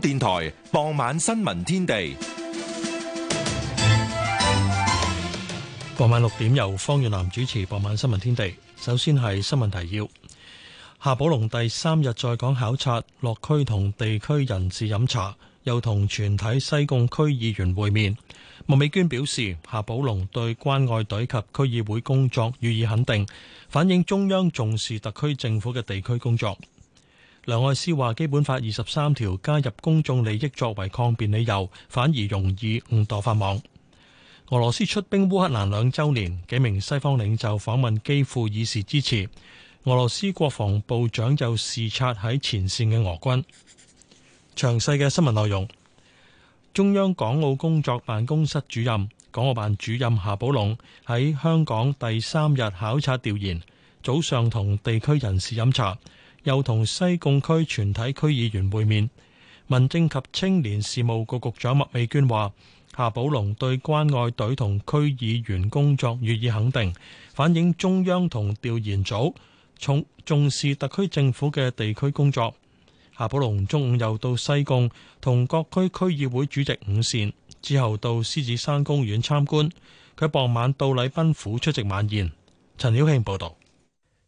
電台傍，傍晚新聞天地，傍晚六點由方月南主持。傍晚新聞天地，首先係新聞提要。夏寶龍第三日在港考察，落區同地區人士飲茶，又同全體西貢區議員會面。莫美娟表示，夏寶龍對關愛隊及區議會工作予以肯定，反映中央重視特區政府嘅地區工作。梁愛詩話：基本法二十三條加入公眾利益作為抗辯理由，反而容易誤墮法網。俄羅斯出兵烏克蘭兩週年，幾名西方領袖訪問基輔以示支持。俄羅斯國防部長就視察喺前線嘅俄軍。詳細嘅新聞內容，中央港澳工作辦公室主任、港澳辦主任夏寶龍喺香港第三日考察調研，早上同地區人士飲茶。又同西貢區全體區議員會面，民政及青年事務局局長麥美娟話夏寶龍對關愛隊同區議員工作予以肯定，反映中央同調研組重重視特區政府嘅地區工作。夏寶龍中午又到西貢同各區區議會主席午膳，之後到獅子山公園參觀，佢傍晚到禮賓府出席晚宴。陳曉慶報道。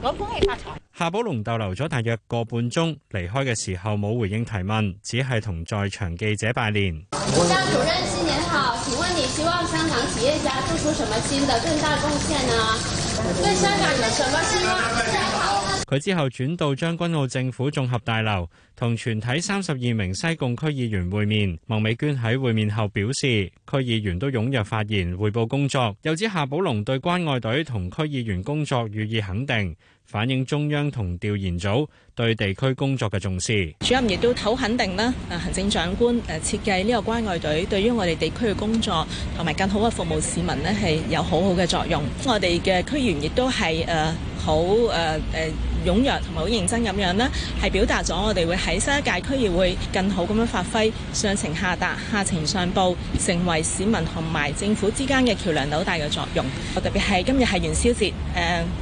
我恭喜發財。夏寶龍逗留咗大約個半鐘，離開嘅時候冇回應提問，只係同在場記者拜年。我家主任新年好。請問你希望香港企業家做出什麼新的更大貢獻呢？對香港有什麼希望？佢之後轉到將軍澳政府綜合大樓，同全體三十二名西貢區議員會面。孟美娟喺會面後表示，區議員都踴躍發言，彙報工作。又指夏寶龍對關愛隊同區議員工作予以肯定。反映中央同調研組對地區工作嘅重視，主任亦都好肯定啦。行政長官誒設計呢個關愛隊，對於我哋地區嘅工作同埋更好嘅服務市民咧，係有好好嘅作用。我哋嘅區議員亦都係誒、呃、好誒誒、呃、踊躍同埋好認真咁樣咧，係表達咗我哋會喺新一屆區議會更好咁樣發揮上情下達、下情上報，成為市民同埋政府之間嘅橋梁紐帶嘅作用。我特別係今日係元宵節，誒誒、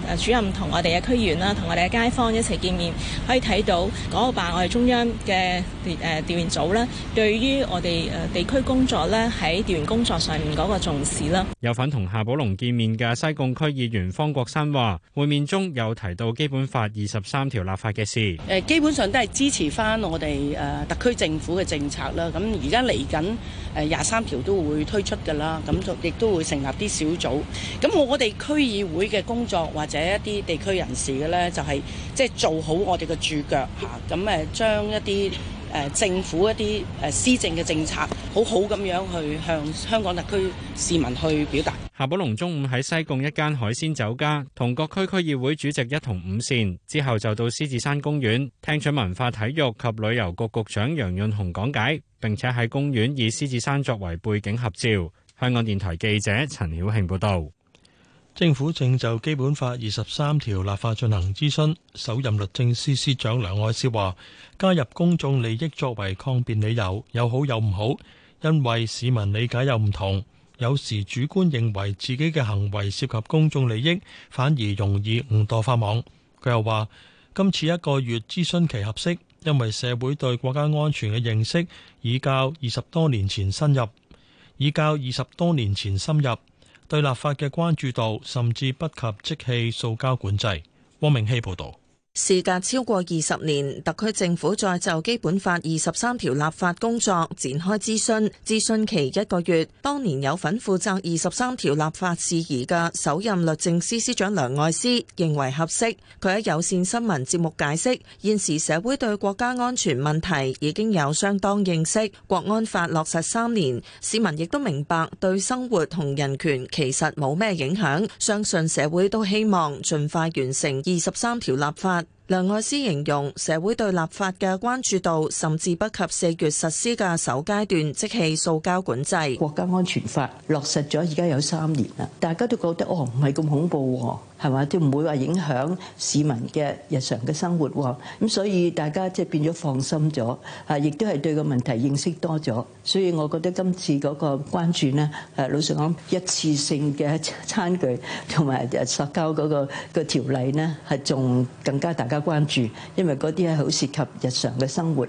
呃、主任同我哋嘅區。員啦，同我哋嘅街坊一齊見面，可以睇到嗰個吧，我哋中央嘅誒調研組咧，對於我哋誒地區工作咧，喺調研工作上面嗰個重視啦。有份同夏寶龍見面嘅西貢區議員方國山話，會面中有提到基本法二十三條立法嘅事。誒，基本上都係支持翻我哋誒特區政府嘅政策啦。咁而家嚟緊誒廿三條都會推出噶啦，咁亦都會成立啲小組。咁我哋區議會嘅工作或者一啲地區人士。嘅咧就係即係做好我哋嘅住腳嚇，咁誒將一啲誒政府一啲誒施政嘅政策好好咁樣去向香港特區市民去表達。夏寶龍中午喺西貢一間海鮮酒家同各區區議會主席一同午膳，之後就到獅子山公園聽取文化體育及旅遊局局,局長楊潤雄講解，並且喺公園以獅子山作為背景合照。香港電台記者陳曉慶報道。政府正就《基本法》二十三條立法進行諮詢，首任律政司司長梁愛詩話加入公眾利益作為抗辯理由，有好有唔好，因為市民理解又唔同，有時主觀認為自己嘅行為涉及公眾利益，反而容易誤墮法網，佢又話今次一個月諮詢期合適，因為社會對國家安全嘅認識已較二十多年前深入，已較二十多年前深入。對立法嘅關注度，甚至不及即棄塑膠管制。汪明希報導。事隔超過二十年，特區政府再就《基本法》二十三條立法工作展開諮詢，諮詢期一個月。當年有份負責二十三條立法事宜嘅首任律政司司長梁愛詩認為合適。佢喺有線新聞節目解釋：現時社會對國家安全問題已經有相當認識，國安法落實三年，市民亦都明白對生活同人權其實冇咩影響，相信社會都希望盡快完成二十三條立法。梁愛詩形容社會對立法嘅關注度，甚至不及四月實施嘅首階段即棄塑膠管制。國家安全法落實咗，而家有三年啦，大家都覺得哦，唔係咁恐怖啊。係嘛？都唔會話影響市民嘅日常嘅生活喎、哦。咁、嗯、所以大家即係變咗放心咗，啊，亦都係對個問題認識多咗。所以我覺得今次嗰個關注咧，誒、啊，老實講，一次性嘅餐具同埋誒塑膠嗰個、嗰個條例咧，係仲更加大家關注，因為嗰啲係好涉及日常嘅生活。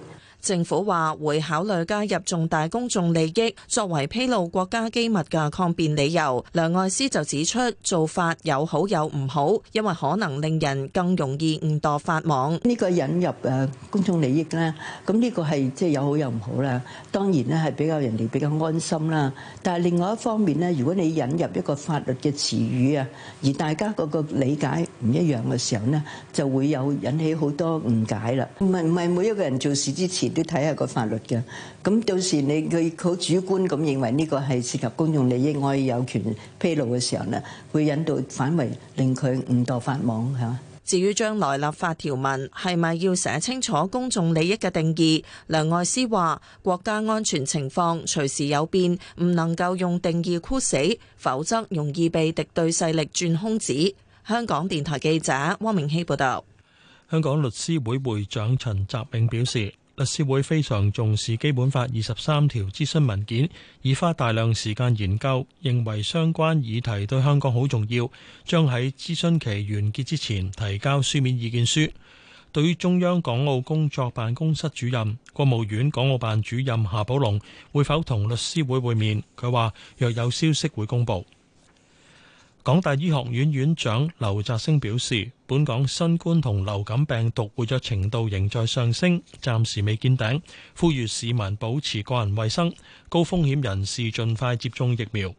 政府話會考慮加入重大公眾利益作為披露國家機密嘅抗辯理由。梁愛詩就指出，做法有好有唔好，因為可能令人更容易誤墮法網。呢個引入誒公眾利益咧，咁呢個係即係有好有唔好啦。當然咧，係比較人哋比較安心啦。但係另外一方面呢，如果你引入一個法律嘅詞語啊，而大家嗰個理解唔一樣嘅時候呢，就會有引起好多誤解啦。唔係唔係，每一個人做事之前。要睇下個法律嘅，咁到時你佢好主觀咁認為呢個係涉及公眾利益，我有權披露嘅時候咧，會引導反為令佢誤墮法網，係嘛？至於將來立法條文係咪要寫清楚公眾利益嘅定義，梁愛詩話國家安全情況隨時有變，唔能夠用定義箍死，否則容易被敵對勢力鑽空子。香港電台記者汪明熙報道。香港律師會會長陳澤銘表示。律師會非常重視《基本法》二十三條諮詢文件，已花大量時間研究，認為相關議題對香港好重要，將喺諮詢期完結之前提交書面意見書。對於中央港澳工作辦公室主任、國務院港澳辦主任夏寶龍，會否同律師會會面，佢話若有消息會公佈。港大醫學院院長劉澤星表示，本港新冠同流感病毒活躍程度仍在上升，暫時未見頂，呼籲市民保持個人衛生，高風險人士盡快接種疫苗。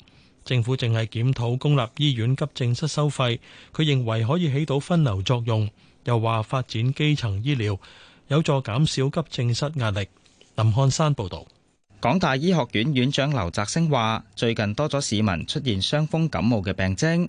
政府正係檢討公立醫院急症室收費，佢認為可以起到分流作用，又話發展基層醫療有助減少急症室壓力。林漢山報道。港大醫學院院長劉澤星話，最近多咗市民出現傷風感冒嘅病徵。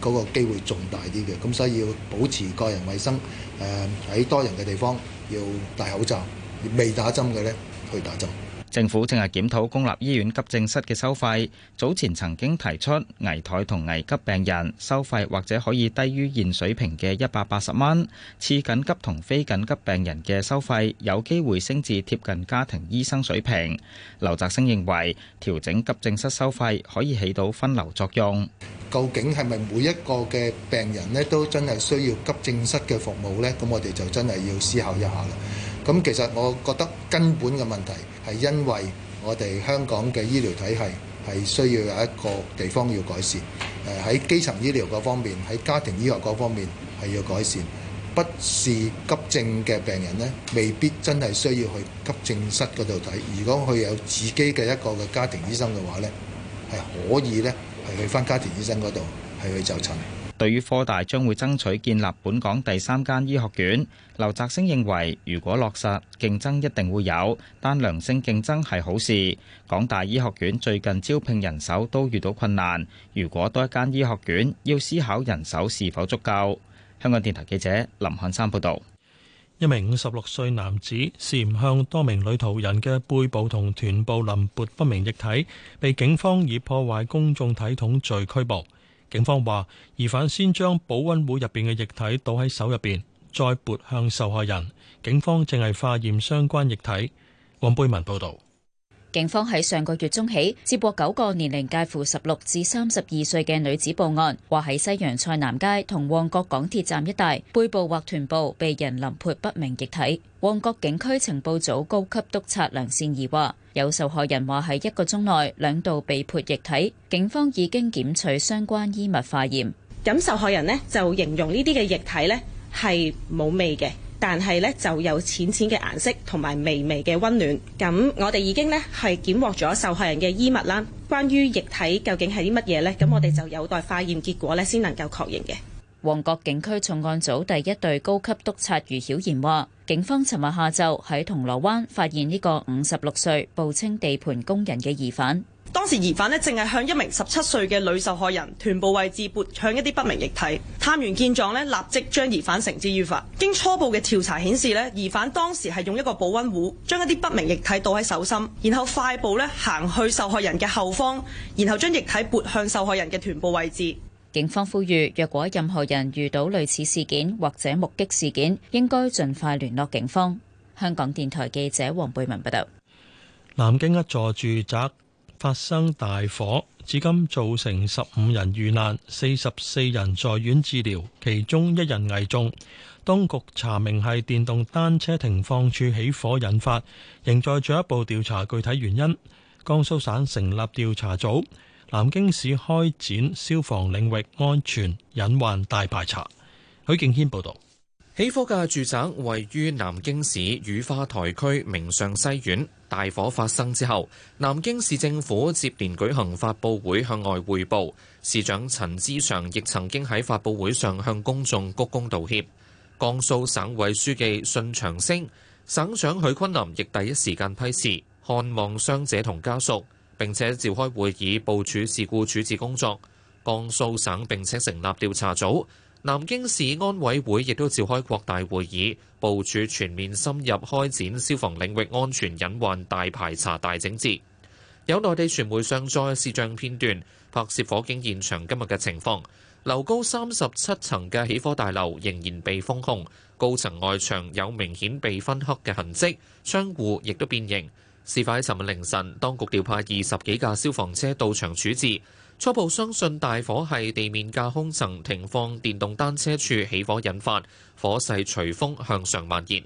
嗰個機會仲大啲嘅，咁所以要保持個人衛生。誒、呃，喺多人嘅地方要戴口罩，未打針嘅咧去打針。政府正係檢討公立醫院急症室嘅收費。早前曾經提出危殆同危急病人收費或者可以低於現水平嘅一百八十蚊。次緊急同非緊急病人嘅收費有機會升至貼近家庭醫生水平。劉澤生認為，調整急症室收費可以起到分流作用。究竟係咪每一個嘅病人呢都真係需要急症室嘅服務呢？咁我哋就真係要思考一下啦。咁其實我覺得根本嘅問題係因為我哋香港嘅醫療體系係需要有一個地方要改善，誒喺基層醫療嗰方面，喺家庭醫學嗰方面係要改善。不是急症嘅病人呢，未必真係需要去急症室嗰度睇。如果佢有自己嘅一個嘅家庭醫生嘅話呢，係可以呢係去返家庭醫生嗰度係去就診。對於科大將會爭取建立本港第三間醫學院，劉澤星認為如果落實，競爭一定會有，但良性競爭係好事。港大醫學院最近招聘人手都遇到困難，如果多一間醫學院，要思考人手是否足夠。香港電台記者林漢山報導，一名五十六歲男子涉嫌向多名女途人嘅背部同臀部淋潑不明液體，被警方以破壞公眾體統罪拘捕。警方話，疑犯先將保温壺入邊嘅液體倒喺手入邊，再撥向受害人。警方正係化驗相關液體。王貝文報道，警方喺上個月中起接獲九個年齡介乎十六至三十二歲嘅女子報案，話喺西洋菜南街同旺角港鐵站一帶，背部或臀部被人淋潑不明液體。旺角警區情報組高級督察梁善怡話。有受害人話喺一個鐘內兩度被潑液體，警方已經檢取相關衣物化驗。咁受害人呢就形容呢啲嘅液體呢係冇味嘅，但係呢就有淺淺嘅顏色同埋微微嘅溫暖。咁我哋已經呢係檢獲咗受害人嘅衣物啦。關於液體究竟係啲乜嘢呢？咁我哋就有待化驗結果呢先能夠確認嘅。旺角警區重案組第一隊高級督察余曉賢話，警方尋日下晝喺銅鑼灣發現呢個五十六歲報稱地盤工人嘅疑犯。當時疑犯咧正係向一名十七歲嘅女受害人臀部位置撥向一啲不明液體。探員見狀咧，立即將疑犯繩之於法。經初步嘅調查顯示呢，疑犯當時係用一個保溫壺將一啲不明液體倒喺手心，然後快步咧行去受害人嘅後方，然後將液體撥向受害人嘅臀部位置。警方呼籲，若果任何人遇到類似事件或者目擊事件，應該盡快聯絡警方。香港電台記者黃貝文報道：南京一座住宅發生大火，至今造成十五人遇難，四十四人在院治療，其中一人危重。當局查明係電動單車停放處起火引發，仍在進一步調查具體原因。江蘇省成立調查組。南京市開展消防領域安全隱患大排查。許敬軒報道。起火嘅住宅位於南京市雨花台區明尚西苑。大火發生之後，南京市政府接連舉行發佈會向外匯報。市長陳之常亦曾經喺發佈會上向公眾鞠躬道歉。江蘇省委書記信長星、省長許昆林亦第一時間批示，看望傷者同家屬。並且召開會議部署事故處置工作。江蘇省並且成立調查組。南京市安委會亦都召開擴大會議部署全面深入開展消防領域安全隱患大排查大整治。有內地傳媒上載視像片段，拍攝火警現場今日嘅情況。樓高三十七層嘅起火大樓仍然被封控，高層外牆有明顯被分黑嘅痕跡，窗戶亦都變形。事發喺尋日凌晨，當局調派二十幾架消防車到場處置，初步相信大火係地面架空層停放電動單車處起火引發，火勢隨風向上蔓延。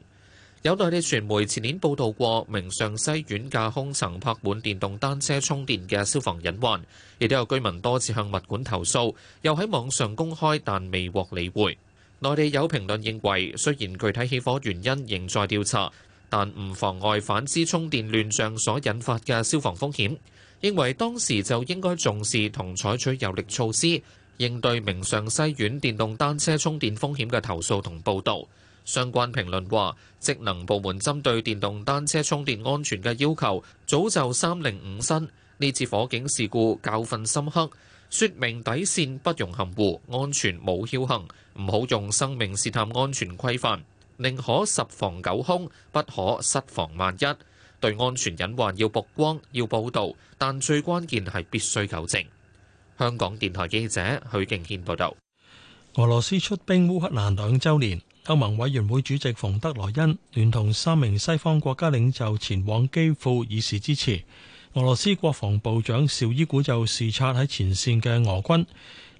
有內地傳媒前年報導過，明上西苑架空層泊滿電動單車充電嘅消防隱患，亦都有居民多次向物管投訴，又喺網上公開，但未獲理會。內地有評論認為，雖然具體起火原因仍在調查。但唔妨礙反思充電亂象所引發嘅消防風險，認為當時就應該重視同採取有力措施，應對明尚西苑電動單車充電風險嘅投訴同報道。相關評論話職能部門針對電動單車充電安全嘅要求早就三令五申，呢次火警事故教訓深刻，說明底線不容含糊，安全冇僥倖，唔好用生命試探安全規範。寧可十防九空，不可失防萬一。對安全隱患，要曝光、要報道，但最關鍵係必須糾正。香港電台記者許敬軒報道。俄羅斯出兵烏克蘭兩周年，歐盟委員會主席馮德萊恩聯同三名西方國家領袖前往基輔以示支持。俄羅斯國防部長邵伊古就視察喺前線嘅俄軍。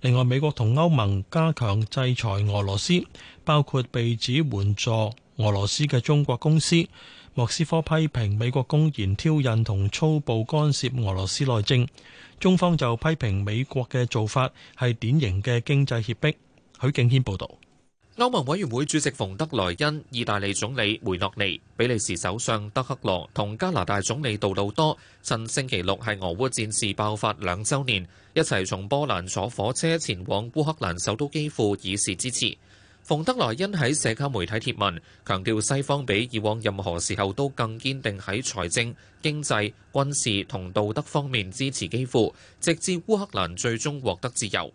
另外，美國同歐盟加強制裁俄羅斯，包括被指援助俄羅斯嘅中國公司。莫斯科批評美國公然挑釁同粗暴干涉俄羅斯內政，中方就批評美國嘅做法係典型嘅經濟脅迫。許敬軒報道。歐盟委員會主席馮德萊恩、意大利總理梅洛尼、比利時首相德克羅同加拿大總理杜魯多，趁星期六係俄烏戰事爆發兩週年，一齊從波蘭坐火車前往烏克蘭首都基輔，以示支持。馮德萊恩喺社交媒體貼文，強調西方比以往任何時候都更堅定喺財政、經濟、軍事同道德方面支持基輔，直至烏克蘭最終獲得自由。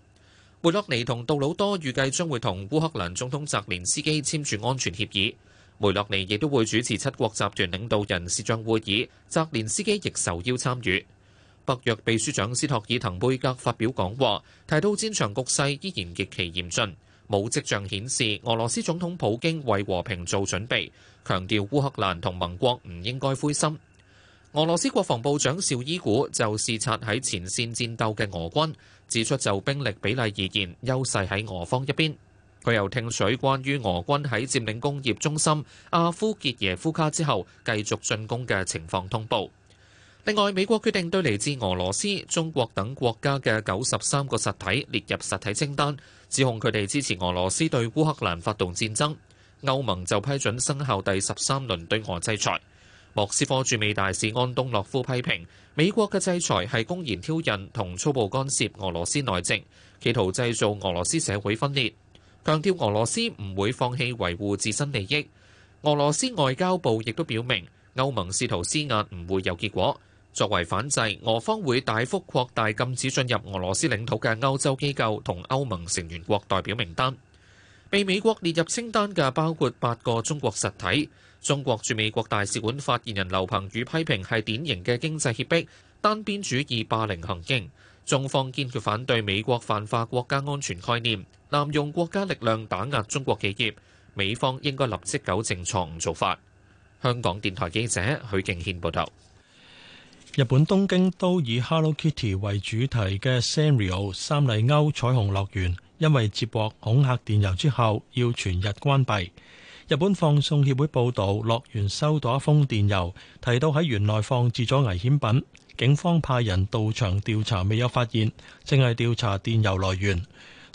梅洛尼同杜魯多預計將會同烏克蘭總統澤連斯基簽署安全協議，梅洛尼亦都會主持七國集團領導人視像會議，澤連斯基亦受邀參與。北約秘書長斯托爾滕貝格發表講話，提到戰場局勢依然極其嚴峻，冇跡象顯示俄羅斯總統普京為和平做準備，強調烏克蘭同盟國唔應該灰心。俄羅斯國防部長紹伊古就視察喺前線戰鬥嘅俄軍。指出就兵力比例而言優勢喺俄方一邊。佢又聽取關於俄軍喺佔領工業中心阿夫傑耶夫卡之後繼續進攻嘅情況通報。另外，美國決定對嚟自俄羅斯、中國等國家嘅九十三個實體列入實體清單，指控佢哋支持俄羅斯對烏克蘭發動戰爭。歐盟就批准生效第十三輪對俄制裁。莫斯科駐美大使安東諾夫批評美國嘅制裁係公然挑釁同粗暴干涉俄羅斯內政，企圖製造俄羅斯社會分裂。強調俄羅斯唔會放棄維護自身利益。俄羅斯外交部亦都表明，歐盟試圖施壓唔會有結果。作為反制，俄方會大幅擴大禁止進入俄羅斯領土嘅歐洲機構同歐盟成員國代表名單。被美國列入清單嘅包括八個中國實體。中國駐美國大使館發言人劉鵬宇批評係典型嘅經濟脅迫、單邊主義霸凌行徑，中方堅決反對美國泛化國家安全概念、濫用國家力量打壓中國企業，美方應該立即糾正錯誤做法。香港電台記者許敬軒報道。日本東京都以 Hello Kitty 為主題嘅 Sanrio 三麗鷗彩虹樂園，因為接獲恐嚇電郵之後，要全日關閉。日本放送協會報導，樂園收到一封電郵，提到喺園內放置咗危險品，警方派人到場調查，未有發現，淨係調查電郵來源。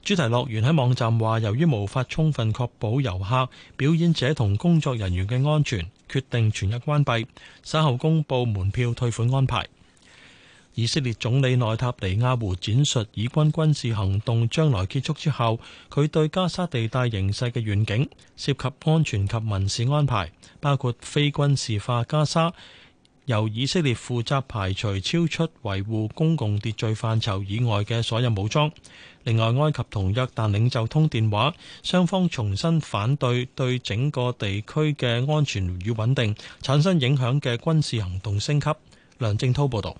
主題樂園喺網站話，由於無法充分確保遊客、表演者同工作人員嘅安全，決定全日關閉，稍後公佈門票退款安排。以色列總理內塔尼亞胡展述以軍軍事行動將來結束之後，佢對加沙地帶形勢嘅願景，涉及安全及民事安排，包括非軍事化加沙，由以色列負責排除超出維護公共秩序範疇以外嘅所有武裝。另外，埃及同約旦領袖通電話，雙方重新反對對整個地區嘅安全與穩定產生影響嘅軍事行動升級。梁正滔報導。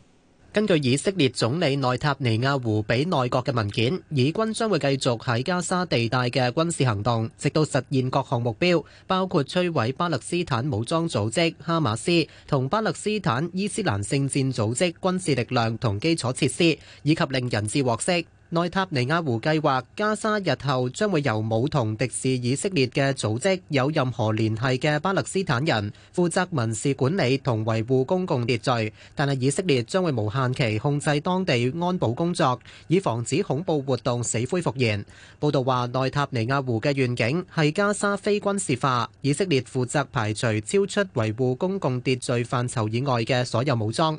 根據以色列總理內塔尼亞胡俾內閣嘅文件，以軍將會繼續喺加沙地帶嘅軍事行動，直到實現各項目標，包括摧毀巴勒斯坦武裝組織哈馬斯同巴勒斯坦伊斯蘭聖戰組織軍事力量同基礎設施，以及令人質獲釋。內塔尼亞胡計劃，加沙日後將會由冇同敵視以色列嘅組織有任何聯繫嘅巴勒斯坦人負責民事管理同維護公共秩序，但係以色列將會無限期控制當地安保工作，以防止恐怖活動死灰復燃。報道話，內塔尼亞胡嘅願景係加沙非軍事化，以色列負責排除超出維護公共秩序範疇以外嘅所有武裝。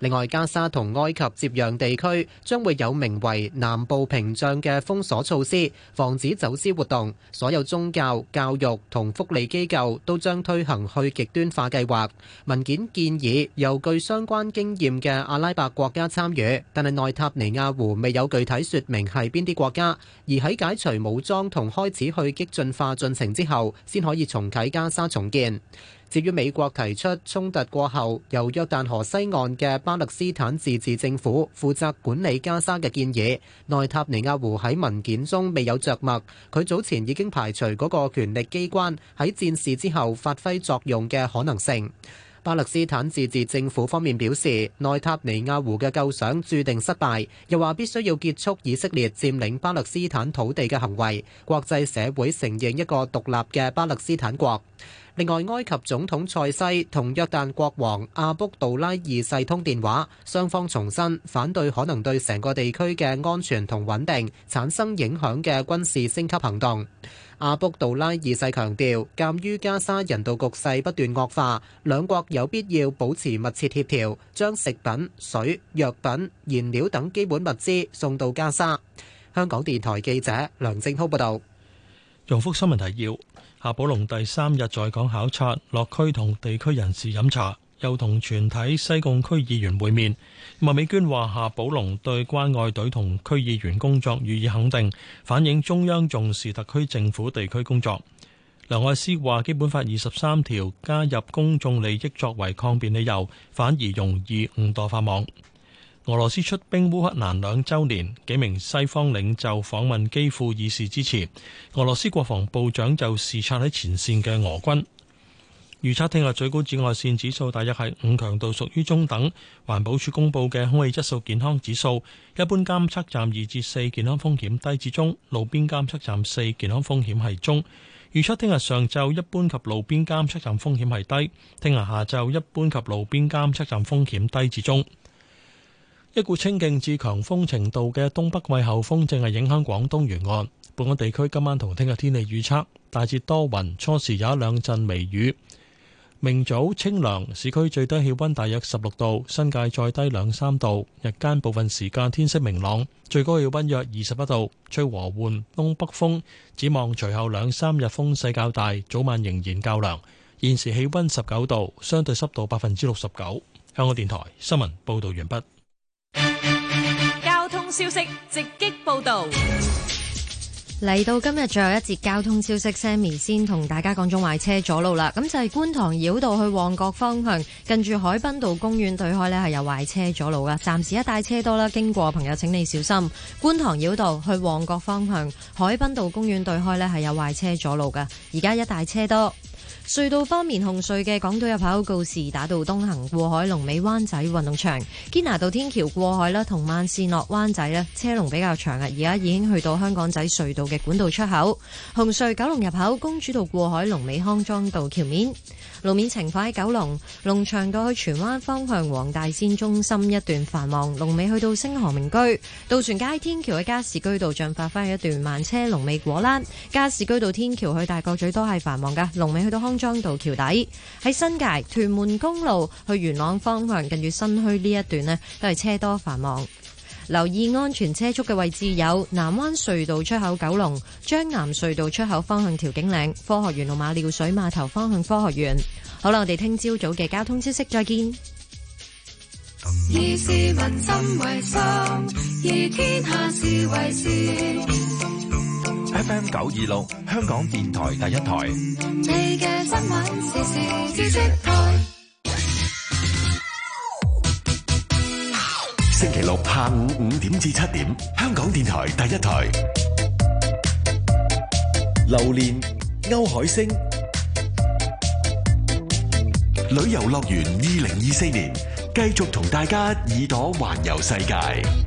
另外，加沙同埃及接壤地區將會有名為南部屏障嘅封鎖措施，防止走私活動。所有宗教、教育同福利機構都將推行去極端化計劃。文件建議由具相關經驗嘅阿拉伯國家參與，但係內塔尼亞胡未有具體說明係邊啲國家。而喺解除武裝同開始去激進化進程之後，先可以重啟加沙重建。至於美國提出衝突過後由約旦河西岸嘅巴勒斯坦自治政府負責管理加沙嘅建議，內塔尼亞胡喺文件中未有著墨。佢早前已經排除嗰個權力機關喺戰事之後發揮作用嘅可能性。巴勒斯坦自治政府方面表示，內塔尼亞胡嘅構想註定失敗，又話必須要結束以色列佔領巴勒斯坦土地嘅行為，國際社會承認一個獨立嘅巴勒斯坦國。另外，埃及總統塞西同約旦國王阿卜杜拉二世通電話，雙方重申反對可能對成個地區嘅安全同穩定產生影響嘅軍事升級行動。阿卜杜拉二世強調，鑑於加沙人道局勢不斷惡化，兩國有必要保持密切協調，將食品、水、藥品、燃料等基本物資送到加沙。香港電台記者梁正滔報道。楊福新聞提要。夏寶龍第三日在港考察，落區同地區人士飲茶，又同全體西貢區議員會面。麥美娟話：夏寶龍對關愛隊同區議員工作予以肯定，反映中央重視特區政府地區工作。梁愛詩話：基本法二十三條加入公眾利益作為抗辯理由，反而容易誤墮法網。俄羅斯出兵烏克蘭兩周年，幾名西方領袖訪問基輔以示之前，俄羅斯國防部長就視察喺前線嘅俄軍。預測聽日最高紫外線指數大約係五強度，屬於中等。環保署公布嘅空氣質素健康指數，一般監測站二至四，健康風險低至中；路邊監測站四，健康風險係中。預測聽日上晝一般及路邊監測站風險係低，聽日下晝一般及路邊監測站風險低至中。一股清勁至強風程度嘅東北季候風正係影響廣東沿岸。本港地區今晚同聽日天氣預測，大致多雲，初時有一兩陣微雨。明早清涼，市區最低氣温大約十六度，新界再低兩三度。日間部分時間天色明朗，最高氣温約二十一度，吹和緩東北風。展望隨後兩三日風勢較大，早晚仍然較涼。現時氣温十九度，相對濕度百分之六十九。香港電台新聞報道完畢。消息直擊報道，嚟到今日最後一節交通消息，Sammy 先同大家講宗壞車阻路啦。咁就係觀塘繞道去旺角方向，近住海濱道公園對開呢係有壞車阻路噶，暫時一帶車多啦。經過朋友請你小心，觀塘繞道去旺角方向，海濱道公園對開呢係有壞車阻路噶，而家一帶車多。隧道方面，紅隧嘅港島入口告士打道東行過海，龍尾灣仔運動場堅拿道天橋過海啦，同慢線落灣仔咧，車龍比較長啊！而家已經去到香港仔隧道嘅管道出口，紅隧九龍入口公主道過海，龍尾康莊道橋面。路面情況喺九龍龍翔道去荃灣方向黃大仙中心一段繁忙，龍尾去到星河名居；渡船街天橋嘅加士居道進發翻一段慢車，龍尾果欄；加士居道天橋去大角咀都係繁忙噶，龍尾去到康莊道橋底。喺新界屯門公路去元朗方向近住新墟呢一段呢，都係車多繁忙。留意安全車速嘅位置有南灣隧道出口九龍、九龍將藍隧道出口方向調景嶺、調景嶺科學園路馬料水碼頭方向、科學園。好啦、嗯，我哋聽朝早嘅交通消息，再見。以市民心為心，以天下事為事。FM 九二六，香港電台第一台。你嘅新聞時事知識台。星期六下午五點至七點，香港電台第一台。榴蓮，歐海星。旅遊樂園二零二四年，繼續同大家耳朵環遊世界。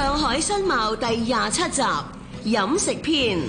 上海新貌第廿七集飲食篇。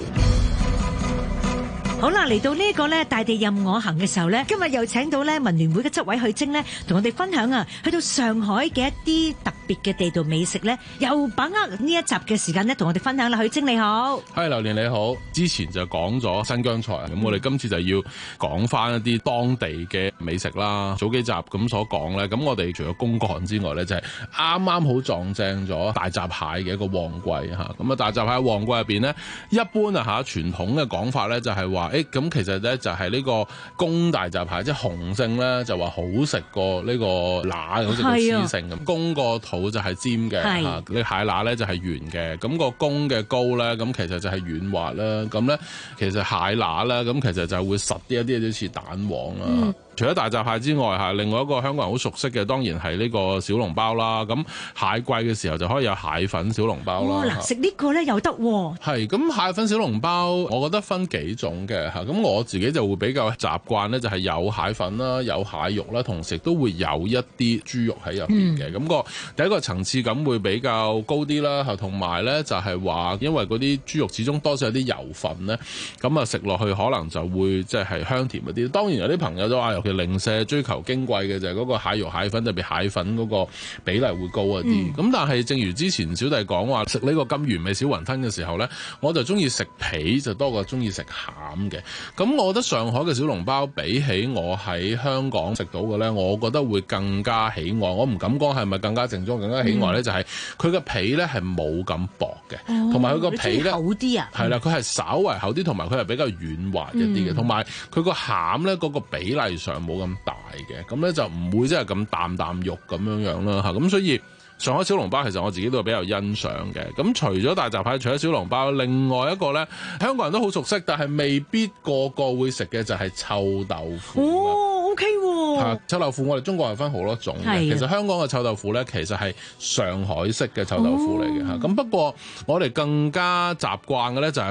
好啦，嚟到呢個咧大地任我行嘅時候咧，今日又請到咧文聯會嘅執委許晶咧，同我哋分享啊，去到上海嘅一啲特別嘅地道美食咧，又把握呢一集嘅時間咧，同我哋分享啦。許晶你好，係榴蓮你好。之前就講咗新疆菜咁我哋今次就要講翻一啲當地嘅美食啦。早幾集咁所講咧，咁我哋除咗公幹之外咧，就係啱啱好撞正咗大閘蟹嘅一個旺季吓。咁啊，大閘蟹旺季入邊咧，一般啊吓傳統嘅講法咧，就係話。誒咁、欸、其實咧就係、是、呢個公大閘蟹，即雄性咧就話好食過呢個乸，好似雌性咁。公個的肚就係尖嘅，嚇的，啲蟹乸咧就係圓嘅。咁、那個公嘅膏咧，咁其實就係軟滑啦。咁咧其實蟹乸咧，咁其實就會實啲一啲，好似蛋黃啦。嗯除咗大閘蟹之外，嚇，另外一個香港人好熟悉嘅，當然係呢個小籠包啦。咁蟹季嘅時候，就可以有蟹粉小籠包啦。嗱，食呢個咧又得。係咁，蟹粉小籠包，我覺得分幾種嘅嚇。咁我自己就會比較習慣咧，就係有蟹粉啦，有蟹肉啦，同時都會有一啲豬肉喺入邊嘅。咁、嗯、個第一個層次感會比較高啲啦。嚇，同埋咧就係話，因為嗰啲豬肉始終多少有啲油份咧，咁啊食落去可能就會即係香甜一啲。當然有啲朋友都話，零舍追求矜貴嘅就係、是，嗰個蟹肉蟹粉，特別蟹粉嗰個比例會高一啲。咁、嗯、但係正如之前小弟講話食呢個咁原味小雲吞嘅時候咧，我就中意食皮就多過中意食餡嘅。咁我覺得上海嘅小籠包比起我喺香港食到嘅咧，我覺得會更加喜愛，我唔敢講係咪更加正宗，更加喜愛咧，嗯、就係佢個皮咧係冇咁薄嘅，同埋佢個皮咧啲啊，係啦，佢係稍微厚啲，同埋佢係比較軟滑一啲嘅，同埋佢個餡咧嗰個比例。冇咁大嘅，咁咧就唔會即係咁啖啖肉咁樣樣啦嚇，咁所以上海小籠包其實我自己都係比較欣賞嘅。咁除咗大閘蟹，除咗小籠包，另外一個咧，香港人都好熟悉，但係未必個個會食嘅就係臭豆腐。哦，O K 喎。臭豆腐我哋中國係分好多種嘅，的其實香港嘅臭豆腐咧，其實係上海式嘅臭豆腐嚟嘅嚇。咁、哦啊、不過我哋更加習慣嘅咧就係、是。